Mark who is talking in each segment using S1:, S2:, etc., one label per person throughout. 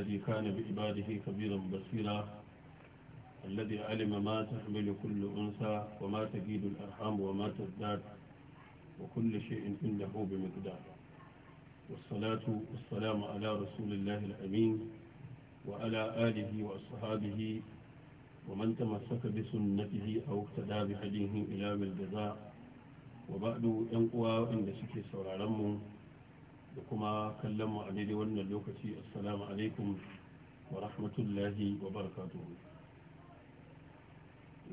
S1: الذي كان بإباده كبيرا بصيرا الذي علم ما تحمل كل أنثى وما تجيد الأرحام وما تزداد وكل شيء عنده بمقدار والصلاة والسلام على رسول الله الأمين وعلى آله وأصحابه ومن تمسك بسنته أو اقتدى بهديه إلى الجزاء وبعد ينقوى عند سكي سورارمه da kuma kallon mu a daidai wannan lokaci assalamu alaikum wa rahmatullahi wa barakatuhu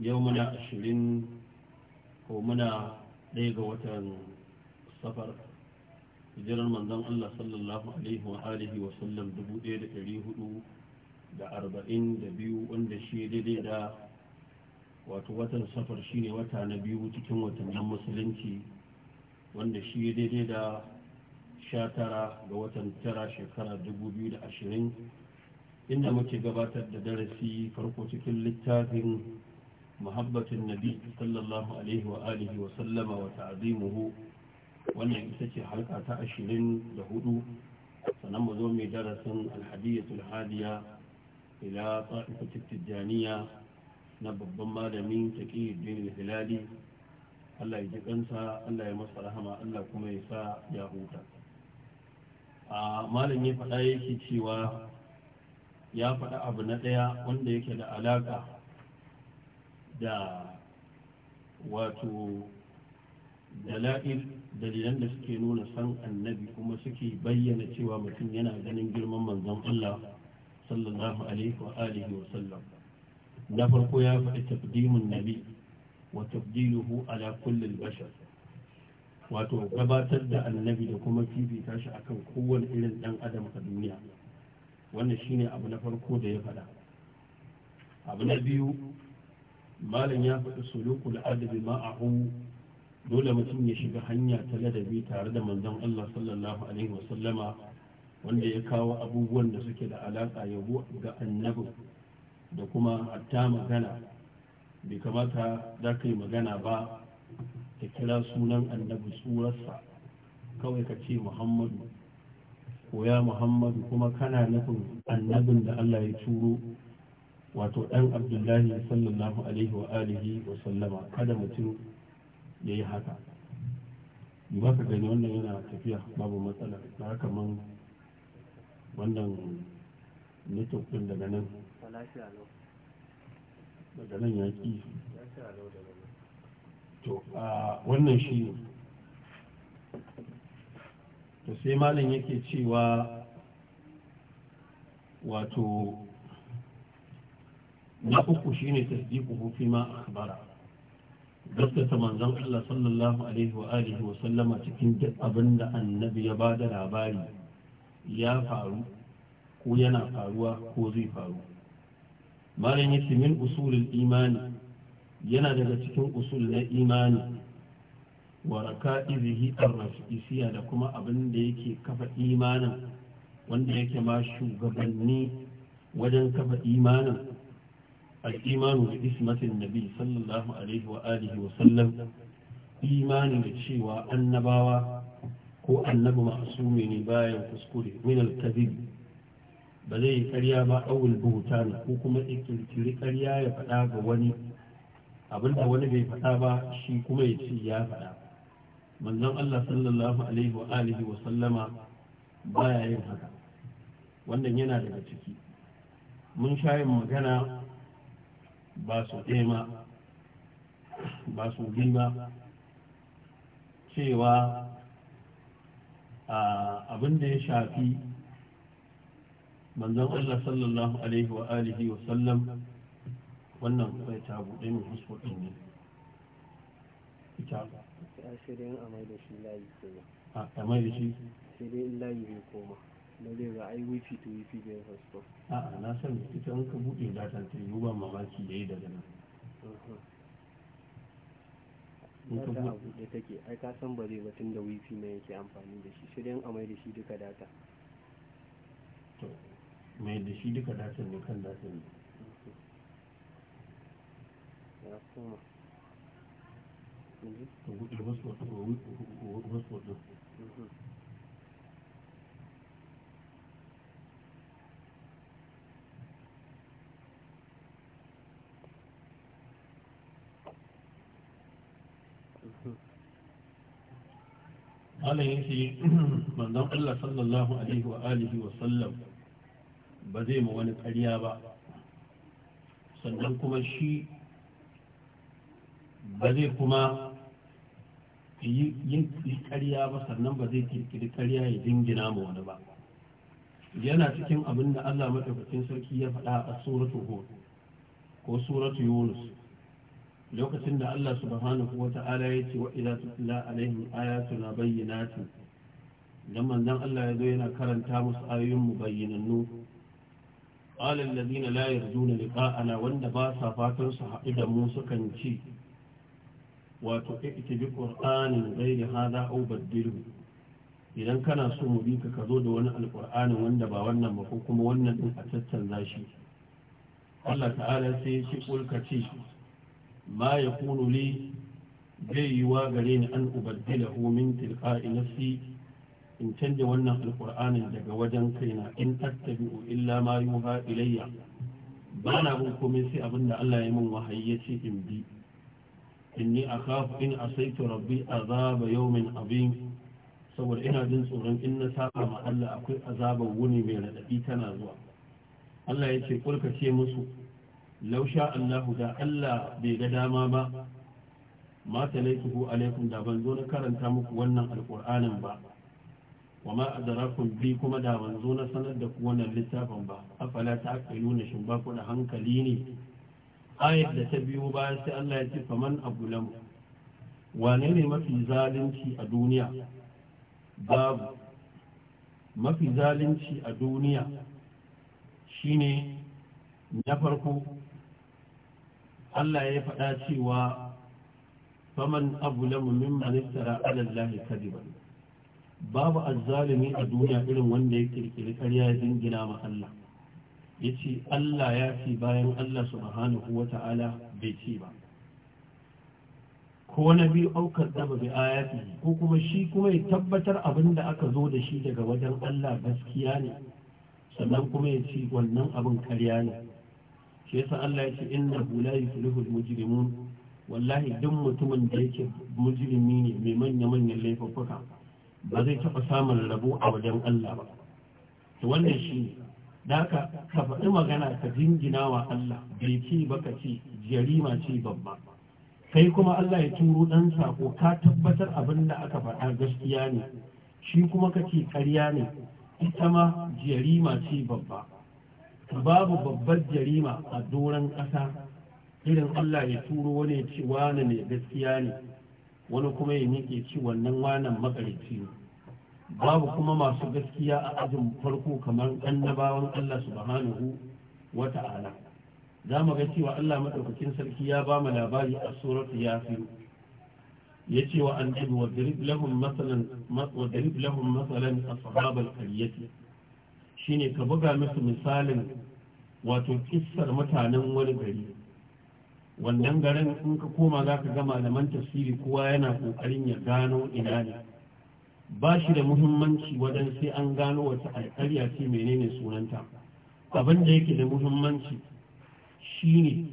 S1: yau muna ashirin ko muna ɗaya ga watan safar hijirar manzon Allah sallallahu alaihi wa alihi wa sallam 1442 wanda shi daidai da wato watan safar shine wata na biyu cikin watannin musulunci wanda shi daidai da 19 ga watan tara shekara 2020 inda muke gabatar da darasi farko cikin littafin muhabbatin nabi sallallahu alaihi wa alihi wa sallama wa ta'azimuhu wannan ita ce halka ta 24 sannan mu zo mai darasin alhadiyatul hadiya ila ta'ifatul tijaniya na babban malamin taqiyuddin hilali Allah ya ji kansa Allah ya masa rahama Allah kuma ya sa ya huta a malam ya faɗa yake cewa ya faɗa abu na ɗaya wanda yake da alaƙa da wato dala'il dalilan da suke nuna san annabi kuma suke bayyana cewa mutum yana ganin girman manzon Allah sallallahu alaihi wa alihi wa sallam na farko ya faɗi tabdimun nabi wa tabdiluhu ala kullil bashar wato gabatar da annabi da kuma fifita shi akan kowane irin dan adam a duniya wannan shine abu na farko da ya faɗa abu na biyu malam ya faɗi sulukul adabi ma'ahu dole mutum ya shiga hanya ta ladabi tare da manzon Allah sallallahu alaihi wa sallama wanda ya kawo abubuwan da suke da alaƙa yabo ga annabi da kuma hatta magana bai kamata za ka yi magana ba ka kira sunan annabi surarsa kawai ka ce muhammadu ko ya muhammadu kuma kana nufin annabin da allah ya turo wato ɗan abdullahi sallallahu alaihi wa alihi wa sallama kada mutum ya yi haka ba ka gani wannan yana tafiya babu matsala da haka man wannan network daga nan daga nan ya ƙi to a wannan shi ne to sai malin yake cewa wato na uku shine tasdiku hufi ma akhbara gaskata manzon Allah sallallahu alaihi wa alihi wa sallama cikin duk abin da annabi ya ba da labari ya faru ko yana faruwa ko zai faru malin yake min usulul imani yana daga cikin usul na imani wa raka'izihi ar-rafi'isiyya da kuma abin da yake kafa imanin wanda yake ma shugabanni wajen kafa imanin al-imanu bi ismatin nabi sallallahu alaihi wa alihi wa sallam imani da cewa annabawa ko annabi ma'asumi ne bayan kuskure min al-kadhib ba zai karya ba awul ne ko kuma ikirkiri karya ya faɗa ga wani Abin da wani bai faɗa ba shi kuma ya ce ya faɗa manzon Allah sallallahu alaihi wa alihi wa sallama baya yin haka wannan yana daga ciki mun sha magana ba su ɗema ba su ba cewa abin da ya shafi manzon Allah sallallahu alaihi wa alihi wa sallam wannan bai ta buɗe mai fasfo waɗin ne ita ashirin a mai da shi layi koma a mai da shi sai dai layi ne koma da zai ga ai wifi to wifi bai a a'a na san ita an ka buɗe data ta yi ba mamaki da yi daga nan data a buɗe take ai ka san ba zai batun da wifi na yake amfani da shi Shirya dai a mai da shi duka data mai da shi duka data ne kan data ne yin shi manzan Allah sallallahu alaihi wa alihi wa sallam ba zai ma wani karya ba sannan kuma shi ba zai kuma yin ƙarya ba sannan ba zai kirkiri ƙarya ya jingina ma wani ba yana cikin abin da Allah madaukakin sarki ya faɗa a suratu hud ko suratu yunus lokacin da Allah subhanahu wata'ala ya ce wa idza tutla alaihim ayatuna bayyinatin dan manzon Allah ya zo yana karanta musu ayoyin mu bayyinannu qala alladhina la yarjuna liqa'ana wanda ba sa fatan su haɗu da mu sukan ci wato ita bi qur'anin ghairi hada aw baddilu idan kana so mu bi ka zo da wani alqur'ani wanda ba wannan ba ko kuma wannan din a tattalla shi Allah ta'ala sai ya ce kulka ce ma yakunu li yi wa gare ni an ubaddilahu min tilqa'i nafsi in canja wannan alqur'anin daga wajen kaina in tattabi'u illa ma yuha ilayya ba na bin komai sai abinda Allah ya min wahayi ya ce in bi inni kafa in saito rabbi azaba yawmin azim saboda ina jin tsoron in na saba ma Allah akwai azabar wuni mai raɗaɗi tana zuwa Allah ya ce kulka ce musu lausha Allahu da Allah bai ga dama ba ma talaituhu alaikum da ban zo na karanta muku wannan Alƙur'anin ba wa ma zarafin bi kuma da ban zo na sanar da ku wannan littafin ba afala ta shin ba ku da hankali ne ayat da ta biyo bayan sai Allah ya ce faman abulamu wane ne mafi zalunci a duniya babu mafi zalunci a duniya shine na farko Allah ya faɗa cewa faman abulamu mimman min ala Allah kadiban babu azzalimi a duniya irin wanda ya kirkiri karya ya dingina ma Allah ya ce Allah ya fi bayan Allah subhanahu wa ta'ala bai ce ba ko na biyu aukar da bai ayati ko kuma shi kuma ya tabbatar abin da aka zo da shi daga wajen Allah gaskiya ne sannan kuma ya ce wannan abin karya ne shi yasa Allah ya ce inna la yuflihu al-mujrimun wallahi duk mutumin da yake mujrimi ne mai manya-manyan laifuffuka ba zai taɓa samun rabo a wajen Allah ba wannan shi ne da ka faɗi magana ka jingina wa Allah bai ce baka ci jarima ce babba. Kai kuma Allah ya turo ɗan sako ka tabbatar abin da aka faɗa gaskiya ne, shi kuma ka ce ƙarya ne, ita ma jarima ce babba. Babu babbar jarima a doron ƙasa irin Allah ya turo wani ya ce ne gaskiya ne, wani kuma ya nike ci wannan wanan makarici ne. babu kuma masu gaskiya a ajin farko kamar annabawan Allah subhanahu wa ta'ala za mu ga cewa Allah madaukakin sarki ya ba mu labari a suratu yasin ya ce wa annabi wa darib lahum masalan wa darib lahum masalan qaryati shine ka buga musu misalin wato kissar mutanen wani gari wannan garin in ka koma za ka ga malaman tafsiri kowa yana kokarin ya gano ina ne ba shi da muhimmanci wajen sai an gano wata alƙarya ce menene sunanta abin da yake da muhimmanci shine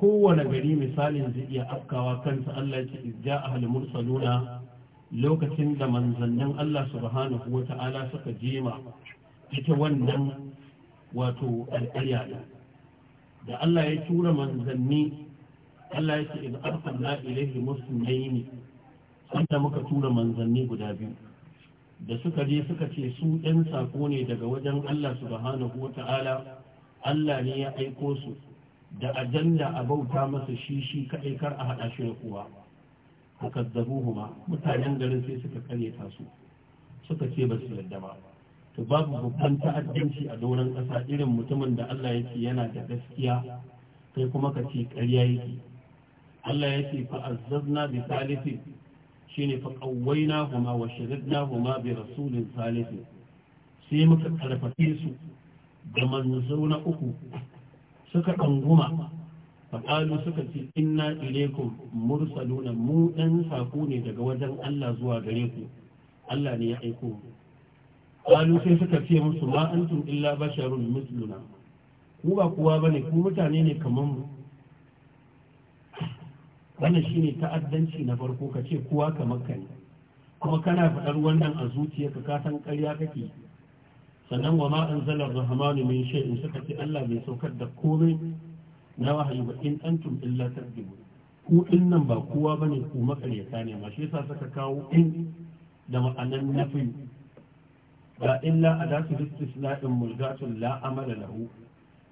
S1: kowane gari misalin zai iya afkawa kansa Allah ce izja ahal mursaluna lokacin da manzannin Allah subhanahu wa ta'ala suka jema ita wannan wato alƙarya da Allah ya tura manzanni Allah ya ce idan arsalna ilaihi muslimin sanda muka tura manzanni guda biyu da suka je suka ce su ɗan saƙo ne daga wajen Allah subhanahu wa ta'ala Allah ne ya aiko su da ajanda a bauta masa shi shi kaɗai kar a haɗa shi da kowa a ba, mutanen garin sai suka karyata su suka ce ba su yarda ba to babu babban ta'addanci a doron ƙasa irin mutumin da Allah yake yana da gaskiya kai kuma ka ce ƙarya yake Allah yake fa azzazna bi salisi shine fa qawwayna huma wa shaddadna huma bi rasulin salih sai muka karfafe su da manzo na uku suka kanguma faƙalu suka ce inna ilaikum mursaluna mu ɗan saƙo ne daga wajen Allah zuwa gare ku Allah ne ya aiko ƙalu sai suka ce musu ma antum illa basharun misluna ku ba kuwa bane ku mutane ne kamar mu wannan shine ta'addanci na farko ka ce kowa kamar ka ne kuma kana faɗar wannan a zuciya ka san ƙarya kake sannan wa ma zalar rahmanu min shay'in suka ce Allah bai saukar da komai na wahayi ba in antum illa tadibu ku din nan ba kowa bane ku makaryata ne ma shi yasa suka kawo in da ma'anan nafi ba illa adatu istisna'in mulgatun la amala lahu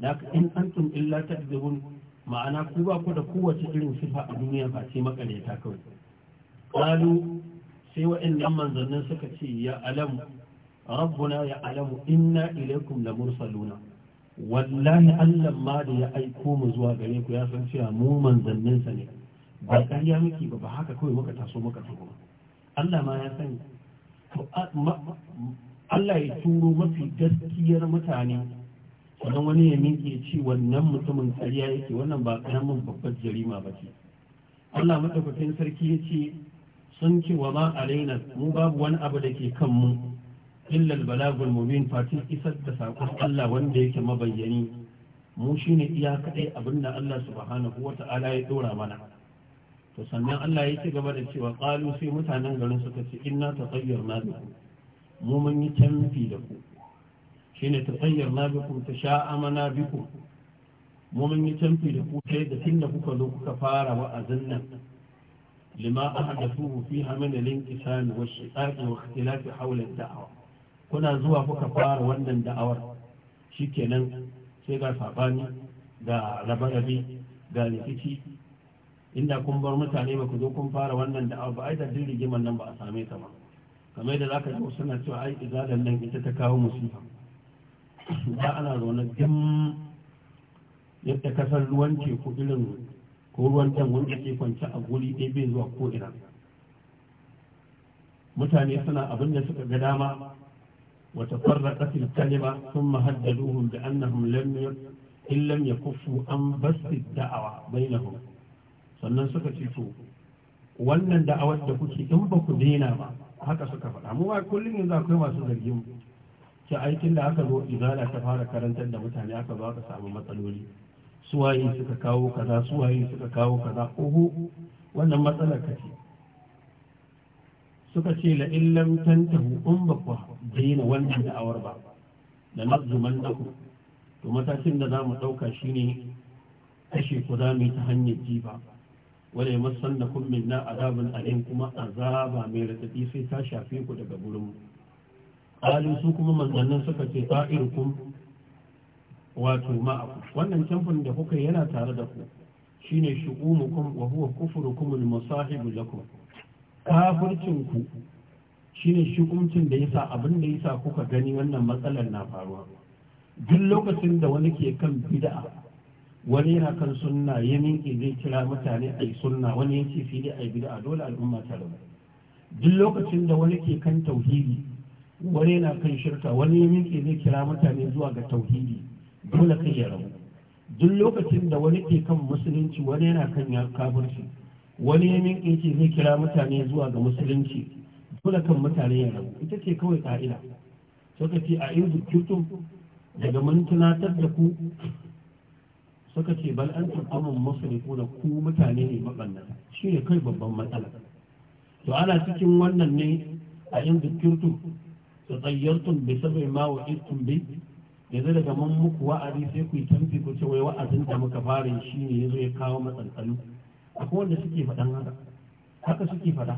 S1: laka in antum illa tadibun ma'ana ku ba ku da kowace irin sifa a duniya ba ce makareta kawai ƙalu sai waɗannan manzannin suka ce ya alamu rabbuna ya alamu inna ilaikum la mursaluna wallahi Allah ma da ya aiko mu zuwa gare ku ya san cewa mu manzannin sa ne ba ƙarya miki ba ba haka kawai muka taso muka tafi Allah ma ya sani Allah ya turo mafi gaskiyar mutane idan wani ya minke ci wannan mutumin karya yake wannan ba karamin babbar jarima ba ce Allah madaukakin sarki ya ce sun ce wa ma alaina mu babu wani abu da ke kan mu illa balagul mubin fatin isar da sakon Allah wanda yake mabayyani mu shine iya kadai abinda Allah subhanahu ala ya dora mana to sannan Allah ya ci gaba da cewa ƙalu sai mutanen garin suka ce inna tatayyarna bikum mu mun yi tamfi da ku shine tatayyarna bikum tasha'amana bikum mu mun yi canfi da ku ta da tunda kuka zo kuka fara wa'azin nan lima ahdathuhu fiha min al-inqisam wa shiqaq wa ikhtilaf hawla ad-da'wa kuna zuwa kuka fara wannan da'awar shikenan sai ga sabani ga rabe-rabe ga rikici inda kun bar mutane ba ku zo kun fara wannan da'awa ba ai da rigimar nan ba a same ta ba kamar da zaka ji suna cewa ai izalan nan ita ta kawo musifa da ana zaune jim yadda kasar ruwan teku irin ko ruwan can wanda ke kwance a guri ɗaya bai zuwa ko ina mutane suna abin da suka ga dama wata farra ƙasar kalima sun mahaddaduhun da annahum in lam ya kufu an basti da'awa bainahum sannan suka ce to wannan da'awar da kuke in ba ku daina ba haka suka faɗa mu ba kullum yanzu akwai masu zargin mu ki aikin da aka zo izala ta fara karantar da mutane aka ba ka samu matsaloli suwaye suka kawo kaza suwaye suka kawo kaza oho wannan matsalar ka ce suka ce la illam tantahu in ba ku daina wannan da'awar ba da nazuman ku? to matakin da za mu ɗauka shine kashe ku za mu ta hanyar jifa wala kun minna azabun alim kuma azaba mai raɗaɗi sai ta shafe ku daga gurin mu kalu su kuma manzannin suka ce ta'irukum wato ma'aku wannan kyanfin da kuka yana tare da ku shine shu'umukum wa huwa kufrukum al-musahibu lakum kafircin ku shine shukumcin da yasa abin da yasa kuka gani wannan matsalar na faruwa duk lokacin da wani ke kan bid'a wani yana kan sunna ya minke zai kira mutane a sunna wani yake fi da ai bid'a dole al'umma ta rabu duk lokacin da wani ke kan tauhidi wani yana kan shirka wani ya miƙe zai kira mutane zuwa ga tauhidi dole kai ya rabu duk lokacin da wani ke kan musulunci wani yana kan kafirci wani ya miƙe ce zai kira mutane zuwa ga musulunci dole kan mutane ya rabu ita ce kawai ka'ida suka ce a in zukirtum daga mun tunatar da ku suka ce bal an masu musulunku da ku mutane ne maɓanna shi ne kai babban matsala to ana cikin wannan ne a in zukirtum tsayyantun bai sabai ma wa istun bai yanzu daga man muku wa'azi sai ku yi tamfi ku ce wai wa'azin da muka fara shi ne ya zo ya kawo matsaltsalu akwai wanda suke faɗan haka haka suke faɗa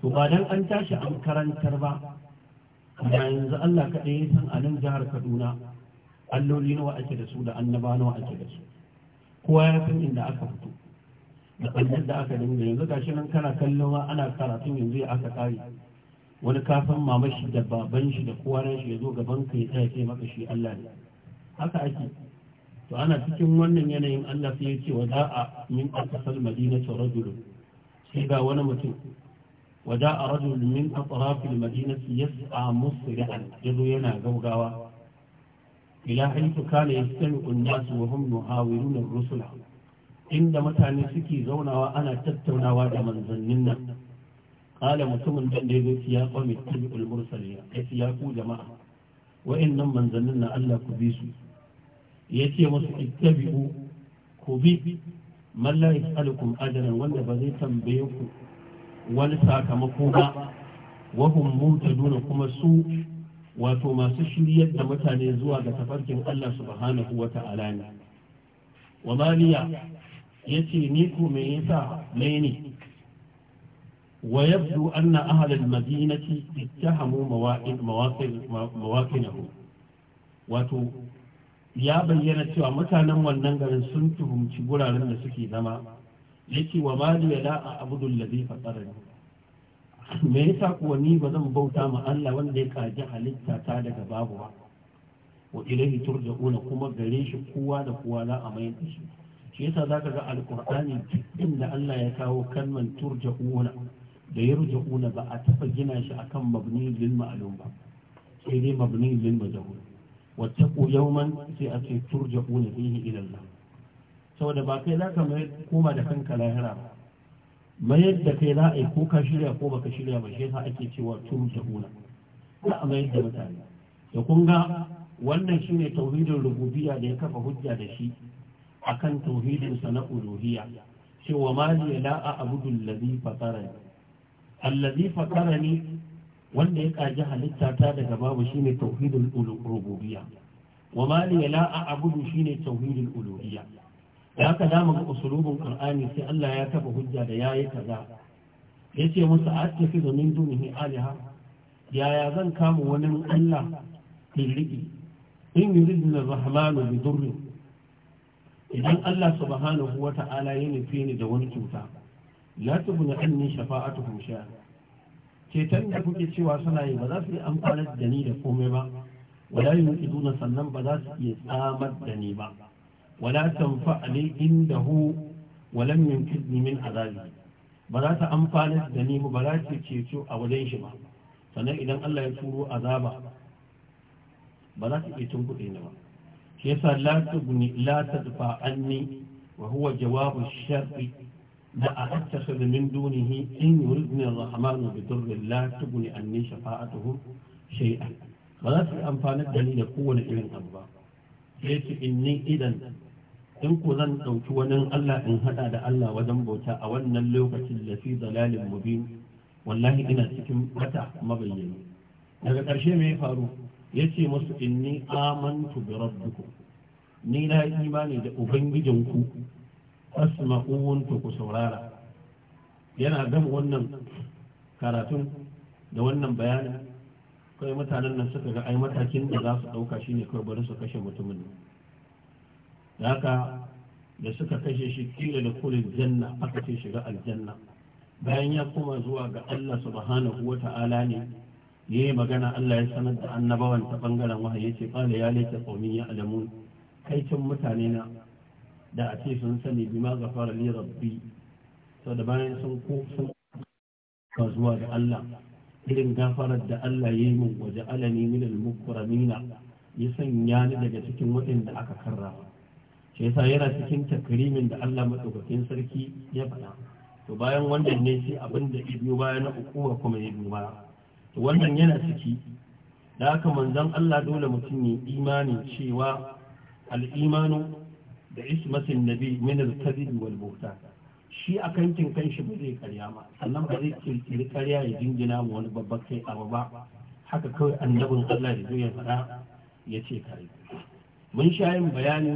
S1: to ba dan an tashi an karantar ba amma yanzu Allah kaɗai ya san a nan jihar Kaduna alloli nawa ake da su da annaba nawa ake da su kowa ya san inda aka fito da ɓangar da aka dinga yanzu gashi nan kana kallon ana karatun yanzu ya aka kare wani kafin mama shi da baban shi da kowa shi ya zo gaban ka ya tsaya sai maka shi Allah ne haka ake to ana cikin wannan yanayin Allah sai ya ce a min aqsal madinati rajul sai ga wani mutum wada'a rajul min atrafil madinati yas'a musri'an yazo yana gaugawa ila haythu kana yastami'u an-nas wa hum yuhawiruna ar-rusula inda mutane suke zaunawa ana tattaunawa da manzannin nan Ƙala mutumin dan da ya ya ta tabi'ul mursalin yace ya ku jama'a wa'annan manzannin na Allah ku bi su yace masu ittabi'u ku bi man la yas'alukum wanda ba zai tambaye ku wani sakamako ba wa hum duna kuma su wato masu shiryar da mutane zuwa ga tafarkin Allah subhanahu wa ta'ala ne wa maliya yace ni ko me yasa ne ويبدو أن أهل المدينة اتهموا مواطنه wato ya bayyana cewa mutanen wannan garin sun tuhumci guraren da suke zama yake wa mali ya la'a abudul me yasa kuwa ni ba zan bauta ma Allah wanda ya kaji halitta ta daga babu ba wa ilaihi turja'una kuma gare shi kowa da kowa za a mayar da shi shi yasa zaka ga alqur'ani duk inda Allah ya kawo kalman turja'una da una ba a taɓa gina shi akan mabni lil ma'lum ba sai dai mabni lil majhul taqu yawman sai a ce una fihi ila Allah saboda ba kai za ka mai koma da kanka lahira ba mayar da kai za a yi ko ka shirya ko baka shirya ba shi yasa ake cewa una za a mayar da mutane da kun ga wannan shine tauhidin rububiyya da ya kafa hujja da shi akan tauhidin sa uluhiyya cewa ma la a abudul ladhi fatarani allazi fakarani wanda ya kaji halittata daga babu shine tauhidul rububiyya wa ma li la a'budu shine tauhidul uluhiyya da haka da mun usulubun qur'ani sai Allah ya taba hujja da yayi kaza yace musu attakizu min dunihi alaha yaya zan kama wani Allah kiriki in yuridna rahmanu bi idan Allah subhanahu wata'ala ya nufi ni da wani cuta la tubna anni shafa'atuhum shay'an ceton da kuke cewa suna yi ba za su yi amfani da ni da komai ba wala yunqiduna sannan ba za su iya tsamar da ni ba wala tanfa'ani indahu walam yunkidni min azabi ba za ta amfani da ni ba za ta ceto a wajen shi ba sannan idan Allah ya turo azaba ba za su iya tunkuɗe ni ba shi yasa la tubni la tadfa anni wa huwa jawabu sharri da a attakhidhu min dunihi in yuridni ar-rahmanu bi dhurrin la tughni anni shafa'atuhu shay'an ba za su amfanar da ni da kowane irin abu ba sai in ni idan in ku zan ɗauki wani Allah in haɗa da Allah wajen bauta a wannan lokacin da fi zalalin mubin wallahi ina cikin mata mabayyani daga ƙarshe me ya faru ya ce musu inni amantu bi rabbikum ni na imani da ubangijinku fasma'un to ku saurara yana gama wannan karatun da wannan bayanin kai mutanen nan suka ga ai matakin da za su ɗauka shi ne kawai bari su kashe mutumin nan da haka da suka kashe shi kila da kulin janna aka ce shiga aljanna bayan ya koma zuwa ga Allah subhanahu wa ta'ala ne ya yi magana Allah ya sanar da annabawan ta bangaren wahayi ce kala ya laita qaumin ya alamun kaicin mutane na da a ce sun sani bi ma gafara li rabbi sau da bayan sun ko sun ka zuwa da Allah irin gafarar da Allah ya yi min waje alani min al-mukramina ya sanya ni daga cikin waɗanda aka karra. shi yasa yana cikin takrimin da Allah madaukakin sarki ya faɗa to bayan wannan ne sai abin da ya baya na ukuwa kuma ya biyo to wannan yana ciki da haka manzon Allah dole mutum ya imani cewa al-imanu da ismatin nabi min al-kadhib wal buhtan shi a kankin kanshi ba zai karya ba sannan ba zai kirkiri karya ya jingina mu wani babban kai abu ba haka kawai annabin Allah ya zo ya fara ya ce kare mun sha yin bayani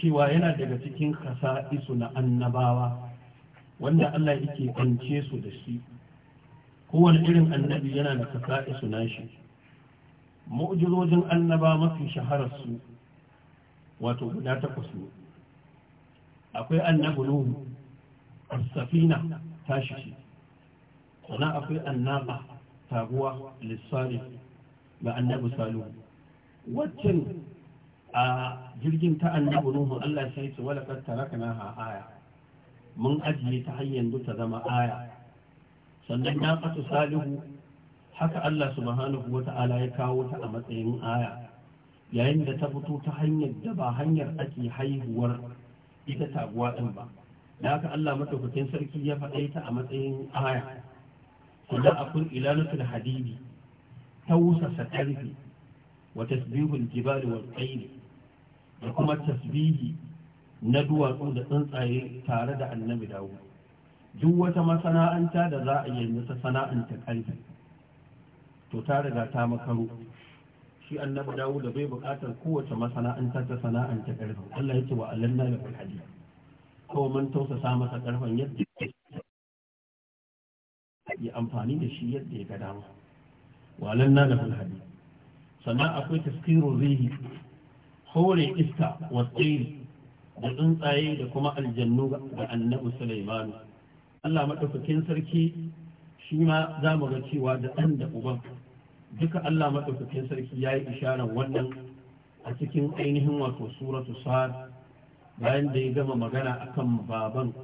S1: cewa yana daga cikin isu na annabawa wanda Allah yake kwance su da shi kowane irin annabi yana da isu na shi mu'jizojin annaba mafi shahararsu wato guda takwas ne akwai annabu nuhu as-safina tashi sannan akwai annaba taguwa lissalif ga annabu salihu waccan a jirgin ta annabu nuhu Allah sai ya ce wala kad tarakna ha aya mun ajiye ta hanyar ta zama aya sannan na fata salihu haka Allah subhanahu wata'ala ya kawo ta a matsayin aya yayin da ta fito ta hanyar da ba hanyar ake haihuwar ita taguwa ɗin ba da haka Allah madaukakin sarki ya faɗa ta a matsayin aya kula akun ilalatul hadidi tausasa ƙarfi wa tasbihul jibal wal tsayi da kuma tasbihi na duwatsu da tsuntsaye tare da annabi dawo duk wata masana'anta da za a yi ta sana'anta ƙarfi to ta riga ta makaro shi annabi dawo da bai buƙatar kowace masana'anta ta sana'anta ƙarfin Allah yake wa alanna da kulhadi ko mun tausasa masa ƙarfin yadda ya amfani da shi yadda ya ga dama wa alanna da kulhadi sannan akwai taskiru rihi hore iska wa tsiri da tsuntsaye da kuma aljannu ga annabi Sulaimanu Allah madaukakin sarki shi ma za mu ga cewa da ɗan da uban duka Allah maɗaukakin sarki ya yi isharar wannan a cikin ainihin wato suratu sa'ad bayan da ya gama magana akan baban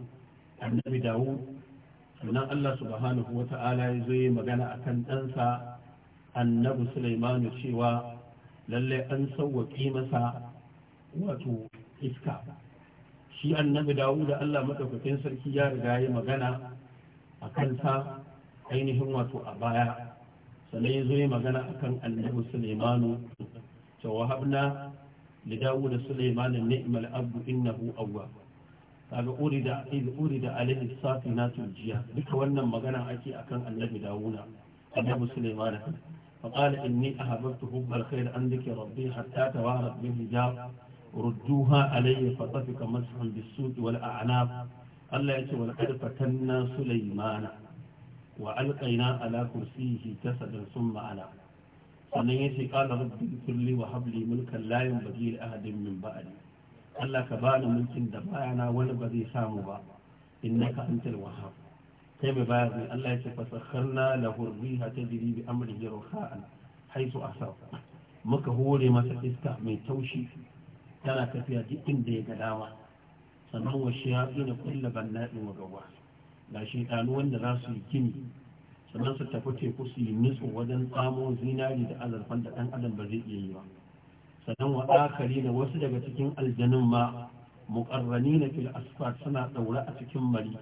S1: annabi dawo sannan Allah subhanahu ta'ala ya zo yi magana akan ɗansa annabi sulaimanu cewa lallai an sauwaƙi masa wato iska shi annabi dawo da Allah maɗaukakin sarki ya riga ya magana a kansa ainihin wato a baya sannan ya zo magana magana akan annabi sulaimanu ta wahabna li ne sulaiman abu abdu innahu awwab kaga urida da urida alaihi safinatu jiya duka wannan magana ake akan annabi dawuna annabi sulaimanu فقال إني أحببت حب الخير عن ذكر ربي حتى توارت بالحجاب ردوها علي فطفق مسحا بالسود والأعناق الله يقول ولقد فتنا سليمان wa alƙaina ala kursiyihi jasadan sun ma'ana sannan ya ce ƙala rabbi kulli wa habli mulkan layin baji da ahadin min ba'ali Allah ka bani mulkin da bayana wani ba zai samu ba innaka antal wahhab kai mai bayar ne Allah ya ce fasakharna lahu riha tajri bi amrihi ruhan haisu asaf muka hore masa iska mai taushi tana tafiya duk inda ya ga dama sannan wa shayatin kullu banna'in wa gawwas ga Ɗanu wanda za su yi gini sannan su tafi teku su yi nutsu wajen tsamo zinari da azurfan da ɗan adam ba zai iya yi ba sannan wa akari da wasu daga cikin aljanun ma muƙarrani na fil asfar suna ɗaure a cikin mari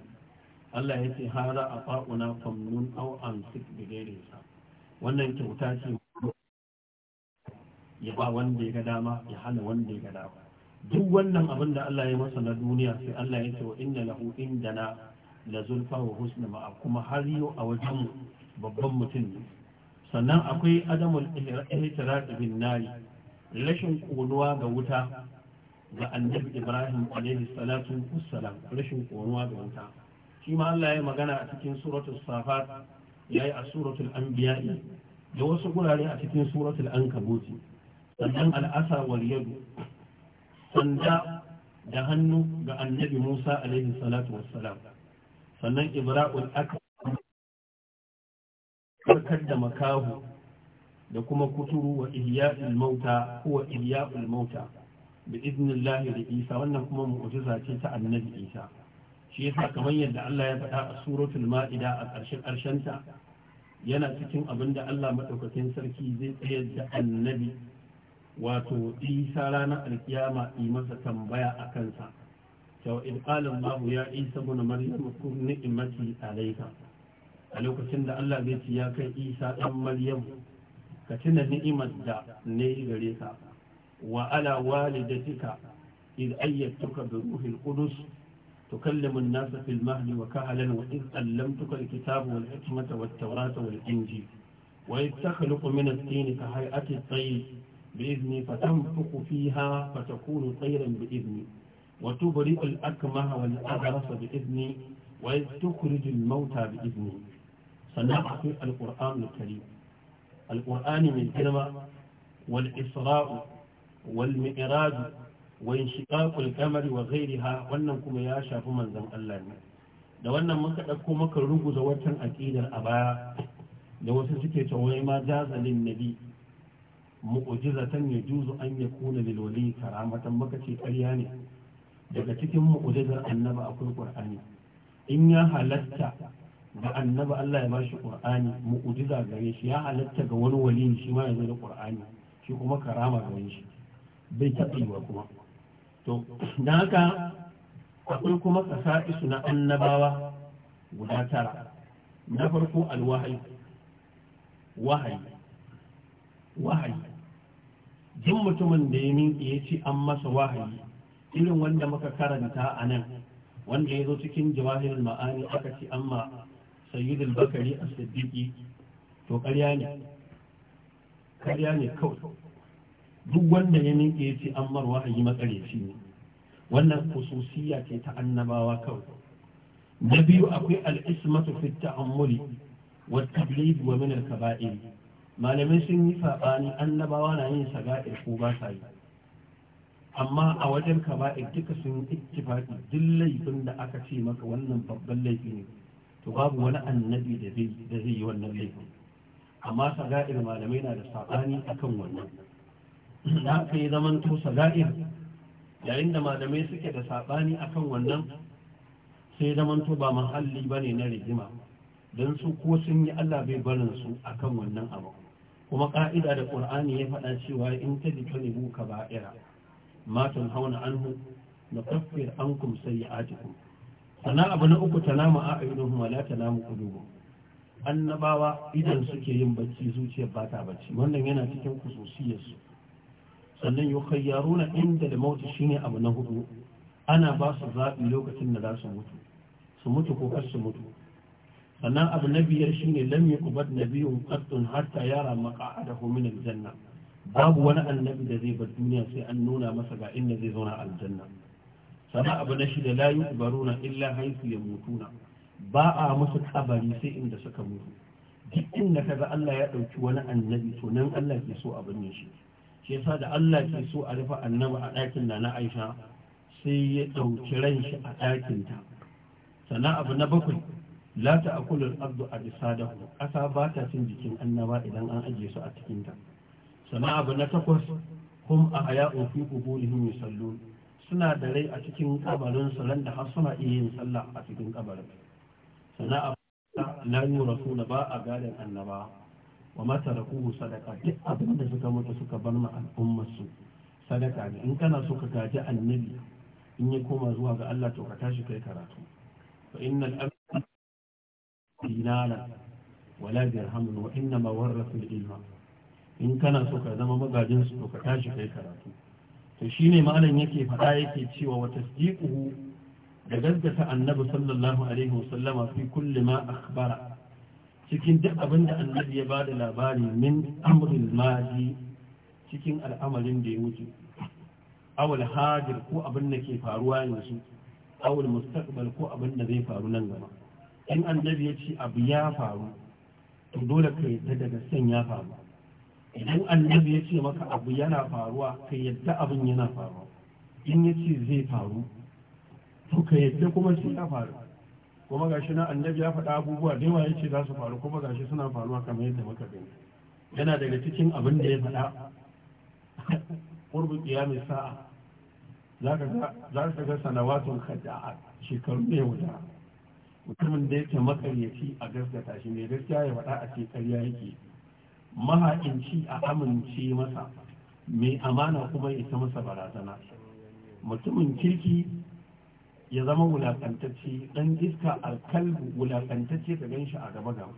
S1: Allah ya ce hara a fa'una famnun au an sik da gairinsa wannan kyauta ce ya ba wanda ya ga dama ya hana wanda ya ga dama duk wannan abin da Allah ya masa na duniya sai Allah ya ce wa inna lahu indana la zulfa wa husna kuma har yau a wajen babban mutum ne sannan akwai adamul ihtiraq bin nari rashin konuwa ga wuta ga annabi Ibrahim alaihi salatu wassalam rashin konuwa ga wuta shi ma Allah ya magana a cikin suratul safat yayi a suratul anbiya'i da wasu gurare a cikin suratul ankabuti sannan al'asa wal yadu sanda da hannu ga annabi Musa alaihi salatu wassalam sannan ibra'ul aka da makahu da kuma kuturu wa ihya'ul mauta huwa ihya'ul mauta da isa wannan kuma mu'jiza ce ta annabi isa shi yasa kamar yadda Allah ya faɗa a suratul ma'ida a ƙarshen ƙarshenta yana cikin abin da Allah madaukakin sarki zai tsayar da annabi wato isa ranar alkiyama yi masa tambaya a kansa yau in ƙalin babu ya isa guna maryam kun ni'imati alaika a lokacin da Allah zai ci ya kai isa ɗan maryam ka tuna ni'imar da ne gare ka wa ala walidatika id ayyatuka bi ruhil qudus tukallimu an-nasa fil mahdi wa kahalan wa id allamtuka al-kitaba wal hikmata wat tawrata wal injil wa id takhluqu min at-tin ka hay'ati at-tayr bi idni fatanfuqu fiha fatakunu tayran bi idni وتبرئ الأكمه والأبرص بإذني وإذ تخرج الموتى بإذني صنع في القرآن الكريم القرآن من كلمة والإسراء والمئراج وانشقاق القمر وغيرها kuma يا شاف من Allah الله da wannan muka ɗauko maka ruguza watan aƙidar a baya da wasu suke tawaye ma jazalin nabi mu'ujizatan ya juzu an ya kuna lilwali karamatan muka ce ƙarya ne daga cikin mu'ujizar annaba akwai ƙur'ani in ya halatta ga annaba Allah ya bashi ƙur'ani mu'ujiza gare shi ya halatta ga wani wali shi ma ya zo da qur'ani shi kuma karama gare shi bai taɓa ba kuma to dan haka akwai kuma kasa'isu na annabawa guda tara na farko alwahayi wahayi wahayi jin mutumin da ya minki ya ci an masa wahayi irin wanda muka karanta a nan wanda ya zo cikin jawahirul ma'ani aka ce amma sayyidul bakari a Siddiki to ƙarya ne ƙarya ne kawai duk wanda ya ninke ya ce an mar wahayi ne wannan kususiya ce ta annabawa kawai na biyu akwai al'ismatu fi ta'ammuli wa tablid wa min al-kaba'ir malamai sun yi sabani annabawa na yin saga'ir ko ba sa yi amma a wajen kaba'ir duka sun ittifaki duk laifin da aka ce maka wannan babban laifi ne to babu wani annabi da zai da zai yi wannan laifin amma saga'ir malamai na da sabani akan wannan da aka yi zaman to saga'ir yayin da malamai suke da sabani akan wannan sai zaman to ba mahalli bane na rigima don su ko sun yi Allah bai barin su akan wannan abu kuma ka'ida da Qur'ani ya faɗa cewa in ta dikani ka ba'ira ma tunhauna anhu nukaffir ankum sayyi'atikum sana abu na uku talama a ayyunuhum wa la annabawa idan suke yin bacci zuciyar ba ta bacci wannan yana cikin kususiyarsu sannan yau khayyaruna inda da shi shine abu na hudu ana ba su zaɓi lokacin da za su mutu su mutu ko kar su mutu sannan abu na biyar shine ubar na nabiyyun qattun hatta yara da hominin aljanna babu wani annabi da zai bar duniya sai an nuna masa ga inda zai zauna aljanna sama abu na shida la yuqbaruna illa haythu ya ba a musu kabari sai inda suka mutu duk inda kaga Allah ya dauki wani annabi to nan Allah ke so abin ne shi shi yasa da Allah ke so a rufe annabi a ɗakin da na Aisha sai ya dauki ran shi a ɗakin ta sana abu na bakwai la ta'kulu al-ardu abisadahu ƙasa ba ta cin jikin annaba idan an ajiye su a cikin ta sana abu na takwas kun a ofi fi quburihim yusallun suna da rai a cikin kabarin salon da har suna iya yin sallah a cikin kabarin sana abu yi rasu da ba a gadin annaba wa mata kuhu sadaka duk abin da suka mutu suka bar ma al'ummarsu sadaka ne in kana so ka gaji annabi in ya koma zuwa ga Allah to ka tashi kai karatu fa innal amana dinana wala dirhamun wa innama warathul ilma in kana so ka zama magajin su to ka tashi kai karatu to shine malam yake faɗa yake cewa wa tasdiquhu da gaskata annabi sallallahu alaihi wasallama fi kulli ma akhbara cikin duk abin da annabi ya bada labari min amrul madi cikin al'amarin da ya wuce awal hadir ko abin da ke faruwa yanzu awal mustaqbal ko abin da zai faru nan gaba in annabi ya ce abu ya faru to dole ka ta daga san ya faru idan annabi ya ce maka abu yana faruwa ka yadda abin yana faruwa in ya ce zai faru to ka yadda kuma sai ya faru kuma gashi na annabi ya faɗa abubuwa da yawa ya ce za su faru kuma gashi suna faruwa kamar yadda muka gani yana daga cikin abin da ya faɗa ƙurbin ƙiyamin sa'a za ka ga sanawatun khada'a shekaru ne wuta mutumin da ya ce makaryaci a gaskata shi ne gaskiya ya faɗa a ce ƙarya yake maha'inci a amince masa mai amana kuma ita masa barazana mutumin kirki ya zama wulaƙantacce ɗan iska alkalbu wulaƙantacce ka gan shi a gaba gaba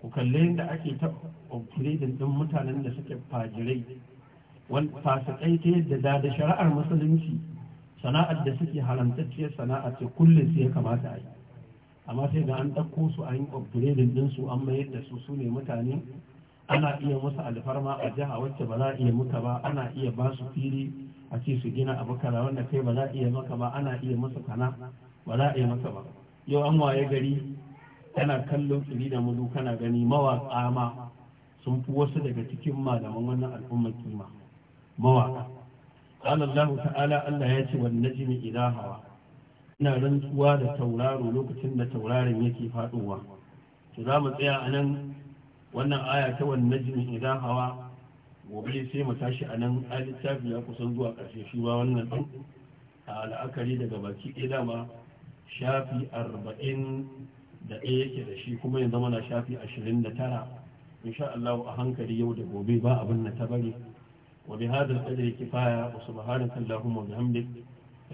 S1: ku kalli yadda ake ta ɗin ɗin mutanen da suke fajirai wani fasikai ta yadda da shari'ar musulunci sana'ar da suke haramtacciyar sana'a ce kullum su ya kamata a yi amma sai da an ɗauko su an yi upgrading din su an mayar da su su ne mutane ana iya musu alfarma a jiha wacce ba za a iya muka ba ana iya ba su fili a ce su gina abu kaza wanda kai ba za a iya maka ba ana iya musu kana ba za a iya maka ba yau an waye gari kana kallon tsiri da mudu kana gani mawaƙa ma sun fi wasu daga cikin malaman wannan al'umma kima mawaƙa qala ta'ala Allah ya ce wan jimi idha hawa ina rantsuwa da tauraro lokacin da tauraron yake fadowa. to za mu tsaya anan wannan aya ta wani najmi idan hawa gobe sai mu tashi a nan a littafi ya kusan zuwa ƙarshe shi ba wannan ɗin a al'akari daga baki ɗaya dama shafi arba'in da ɗaya yake da shi kuma ya zama na shafi ashirin da tara insha Allah a hankali yau da gobe ba abin na ta bari wa bi hadal qadri kifaya wa subhanaka allahumma wa bihamdik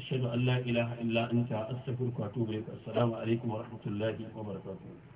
S1: ashhadu an la ilaha illa anta astaghfiruka wa atubu ilaik assalamu alaikum wa rahmatullahi wa barakatuh